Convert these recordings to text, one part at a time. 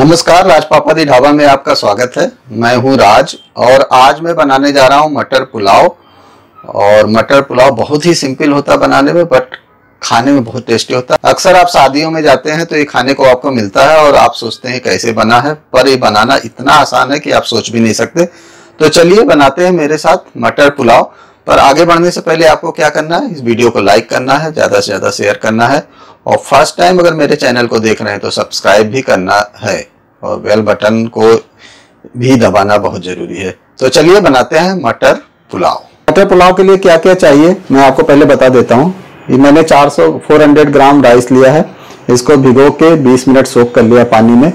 नमस्कार राज दी ढाबा में आपका स्वागत है मैं हूं राज और आज मैं बनाने जा रहा हूं मटर पुलाव और मटर पुलाव बहुत ही सिंपल होता है बनाने में बट खाने में बहुत टेस्टी होता है अक्सर आप शादियों में जाते हैं तो ये खाने को आपको मिलता है और आप सोचते हैं कैसे बना है पर ये बनाना इतना आसान है कि आप सोच भी नहीं सकते तो चलिए बनाते हैं मेरे साथ मटर पुलाव पर आगे बढ़ने से पहले आपको क्या करना है इस वीडियो को लाइक करना है ज़्यादा से ज़्यादा शेयर करना है और फर्स्ट टाइम अगर मेरे चैनल को देख रहे हैं तो सब्सक्राइब भी करना है और बेल बटन को भी दबाना बहुत ज़रूरी है तो चलिए बनाते हैं मटर पुलाव मटर पुलाव के लिए क्या क्या चाहिए मैं आपको पहले बता देता हूँ मैंने 400 400 ग्राम राइस लिया है इसको भिगो के 20 मिनट सोख कर लिया पानी में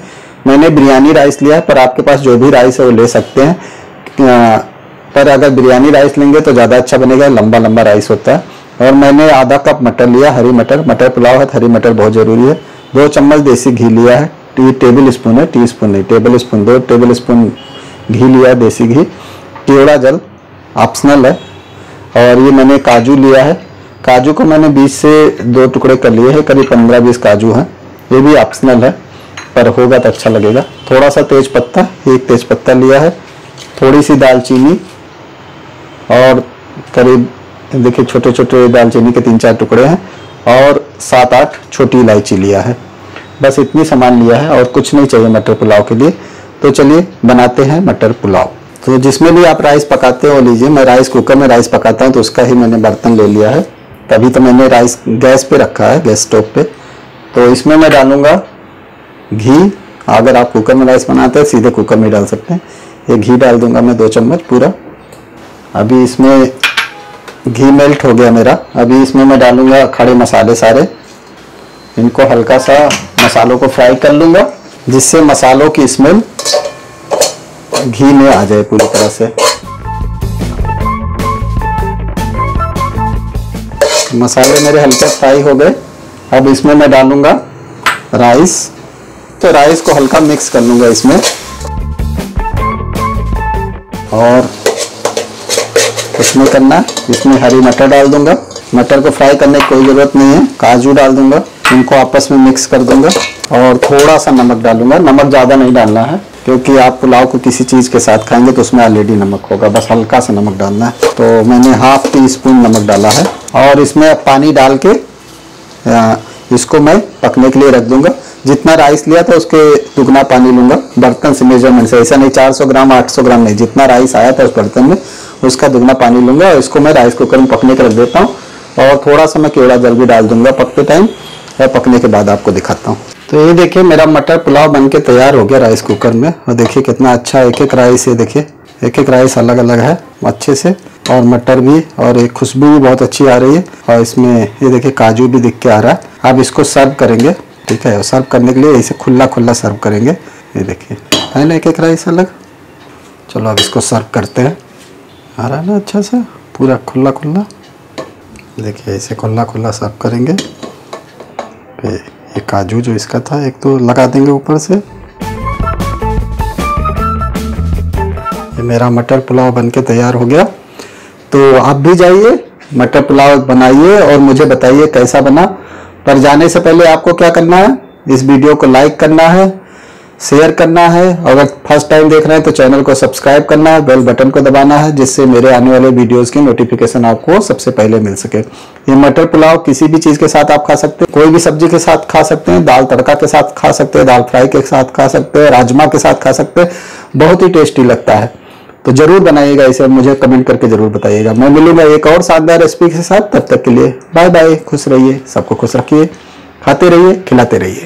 मैंने बिरयानी राइस लिया है पर आपके पास जो भी राइस है वो ले सकते हैं पर अगर बिरयानी राइस लेंगे तो ज़्यादा अच्छा बनेगा लंबा लंबा राइस होता है और मैंने आधा कप मटर लिया हरी मटर मटर पुलाव है तो हरी मटर बहुत ज़रूरी है दो चम्मच देसी घी लिया है टी टेबल स्पून है टी स्पून नहीं टेबल स्पून दो टेबल स्पून घी लिया है देसी घी केवड़ा जल ऑप्शनल है और ये मैंने काजू लिया है काजू को मैंने बीस से दो टुकड़े कर लिए हैं करीब पंद्रह बीस काजू हैं ये भी ऑप्शनल है पर होगा तो अच्छा लगेगा थोड़ा सा तेज पत्ता एक तेज पत्ता लिया है थोड़ी सी दालचीनी और करीब देखिए छोटे छोटे दालचीनी के तीन चार टुकड़े हैं और सात आठ छोटी इलायची लिया है बस इतनी सामान लिया है और कुछ नहीं चाहिए मटर पुलाव के लिए तो चलिए बनाते हैं मटर पुलाव तो जिसमें भी आप राइस पकाते हो लीजिए मैं राइस कुकर में राइस पकाता हूँ तो उसका ही मैंने बर्तन ले लिया है तभी तो मैंने राइस गैस पे रखा है गैस स्टोव पे तो इसमें मैं डालूँगा घी अगर आप कुकर में राइस बनाते हैं सीधे कुकर में डाल सकते हैं ये घी डाल दूंगा मैं दो चम्मच पूरा अभी इसमें घी मेल्ट हो गया मेरा अभी इसमें मैं डालूंगा खड़े मसाले सारे इनको हल्का सा मसालों को फ्राई कर लूंगा जिससे मसालों की स्मेल घी में आ जाए पूरी तरह से मसाले मेरे हल्के फ्राई हो गए अब इसमें मैं डालूंगा राइस तो राइस को हल्का मिक्स कर लूंगा इसमें और इसमें करना इसमें हरी मटर डाल दूंगा मटर को फ्राई करने की कोई ज़रूरत नहीं है काजू डाल दूंगा इनको आपस में मिक्स कर दूंगा और थोड़ा सा नमक डालूंगा नमक ज़्यादा नहीं डालना है क्योंकि आप पुलाव को किसी चीज़ के साथ खाएंगे तो उसमें ऑलरेडी नमक होगा बस हल्का सा नमक डालना है तो मैंने हाफ टी स्पून नमक डाला है और इसमें पानी डाल के इसको मैं पकने के लिए रख दूंगा जितना राइस लिया था उसके दुगना पानी लूंगा बर्तन से मेजरमेंट से ऐसा नहीं 400 ग्राम 800 ग्राम नहीं जितना राइस आया था उस बर्तन में उसका दुगना पानी लूंगा और इसको मैं राइस कुकर में पकने के रख देता हूँ और थोड़ा सा मैं केवड़ा जल भी डाल दूंगा पकते टाइम और पकने के बाद आपको दिखाता हूँ तो ये देखिए मेरा मटर पुलाव बन के तैयार हो गया राइस कुकर में और देखिए कितना अच्छा एक एक राइस ये देखिए एक एक राइस अलग अलग है अच्छे से और मटर भी और एक खुशबू भी बहुत अच्छी आ रही है और इसमें ये देखिए काजू भी दिख के आ रहा है आप इसको सर्व करेंगे ठीक है सर्व करने के लिए इसे खुला खुला सर्व करेंगे ये देखिए है ना एक एक राइस अलग चलो अब इसको सर्व करते हैं आ रहा है ना अच्छा सा पूरा खुला खुला देखिए ऐसे खुला खुला साफ करेंगे ये काजू जो इसका था एक तो लगा देंगे ऊपर से ये मेरा मटर पुलाव बनके तैयार हो गया तो आप भी जाइए मटर पुलाव बनाइए और मुझे बताइए कैसा बना पर जाने से पहले आपको क्या करना है इस वीडियो को लाइक करना है शेयर करना है अगर फर्स्ट टाइम देख रहे हैं तो चैनल को सब्सक्राइब करना है बेल बटन को दबाना है जिससे मेरे आने वाले वीडियोस की नोटिफिकेशन आपको सबसे पहले मिल सके ये मटर पुलाव किसी भी चीज़ के साथ आप खा सकते हैं कोई भी सब्जी के साथ खा सकते हैं दाल तड़का के साथ खा सकते हैं दाल फ्राई के साथ खा सकते हैं राजमा के साथ खा सकते हैं बहुत ही टेस्टी लगता है तो जरूर बनाइएगा इसे मुझे कमेंट करके जरूर बताइएगा मैं मिलूंगा एक और शानदार रेसिपी के साथ तब तक के लिए बाय बाय खुश रहिए सबको खुश रखिए खाते रहिए खिलाते रहिए